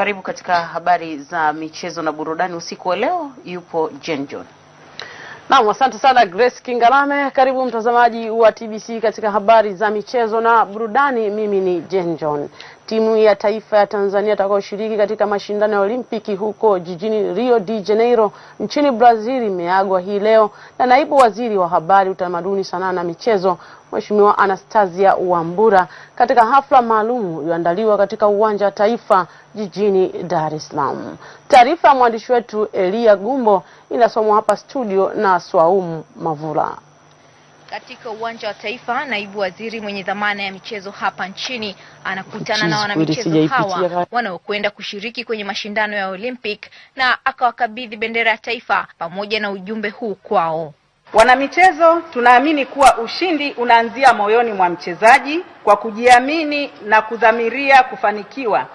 Karibu katika habari za michezo na burudani usiku wa leo, yupo Jen John. Naam, asante sana Grace Kingalame. Karibu mtazamaji wa TBC katika habari za michezo na burudani. Mimi ni Jen John. Timu ya taifa ya Tanzania itakayoshiriki katika mashindano ya Olimpiki huko jijini Rio de Janeiro nchini Brazil imeagwa hii leo na naibu waziri wa habari, utamaduni, sanaa na michezo Mheshimiwa Anastasia Wambura katika hafla maalum iliyoandaliwa katika uwanja wa Taifa jijini Dar es Salaam. Taarifa ya mwandishi wetu Elia Gumbo inasomwa hapa studio na Swaumu Mavula. Katika uwanja wa Taifa, naibu waziri mwenye dhamana ya michezo hapa nchini anakutana na wanamichezo hawa wanaokwenda kushiriki kwenye mashindano ya Olympic na akawakabidhi bendera ya taifa pamoja na ujumbe huu kwao. Wanamichezo, tunaamini kuwa ushindi unaanzia moyoni mwa mchezaji kwa kujiamini na kudhamiria kufanikiwa,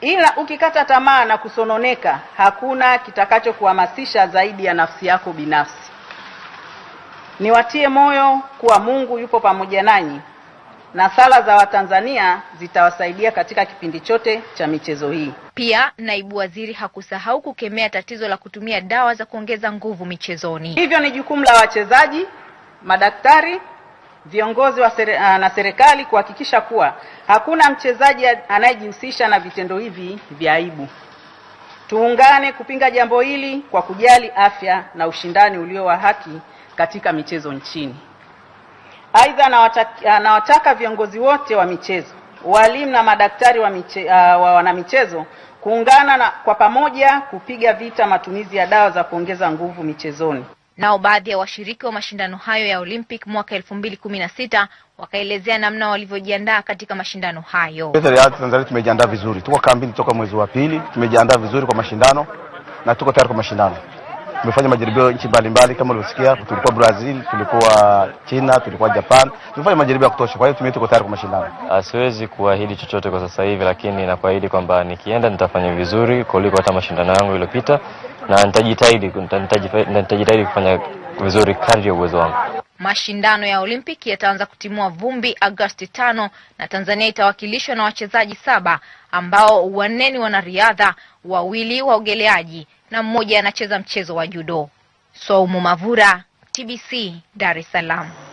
ila ukikata tamaa na kusononeka, hakuna kitakachokuhamasisha zaidi ya nafsi yako binafsi. Niwatie moyo kuwa Mungu yupo pamoja nanyi na sala za Watanzania zitawasaidia katika kipindi chote cha michezo hii. Pia naibu waziri hakusahau kukemea tatizo la kutumia dawa za kuongeza nguvu michezoni. Hivyo ni jukumu la wachezaji, madaktari, viongozi wa sere, ah, na serikali kuhakikisha kuwa hakuna mchezaji anayejihusisha na vitendo hivi vya aibu. Tuungane kupinga jambo hili kwa kujali afya na ushindani ulio wa haki katika michezo nchini. Aidha, anawataka, ah, anawataka viongozi wote wa michezo, walimu na madaktari wa, miche, uh, wa wanamichezo kuungana na kwa pamoja kupiga vita matumizi ya dawa za kuongeza nguvu michezoni. Nao baadhi ya washiriki wa mashindano hayo ya Olympic mwaka 2016 wakaelezea namna walivyojiandaa katika mashindano hayo. Tanzania tumejiandaa vizuri, tuko kambini toka mwezi wa pili, tumejiandaa vizuri kwa mashindano na tuko tayari kwa mashindano. Tumefanya majaribio nchi mbalimbali kama ulivyosikia, tulikuwa Brazil, tulikuwa China, tulikuwa Japan, tumefanya majaribio ya kutosha. Kwa hiyo timu yetu tayari kwa mashindano. Ah, siwezi kuahidi chochote kwa sasa hivi, lakini nakuahidi kwamba nikienda nitafanya vizuri kuliko hata mashindano yangu yaliyopita, na nitajitahidi nitajitahidi kufanya vizuri kadri ya uwezo wangu. Mashindano ya Olimpiki yataanza kutimua vumbi Agosti tano na Tanzania itawakilishwa na wachezaji saba ambao wanne ni wanariadha, wawili waogeleaji na mmoja anacheza mchezo wa judo. Swaumu Mavura, TBC, Dar es Salaam.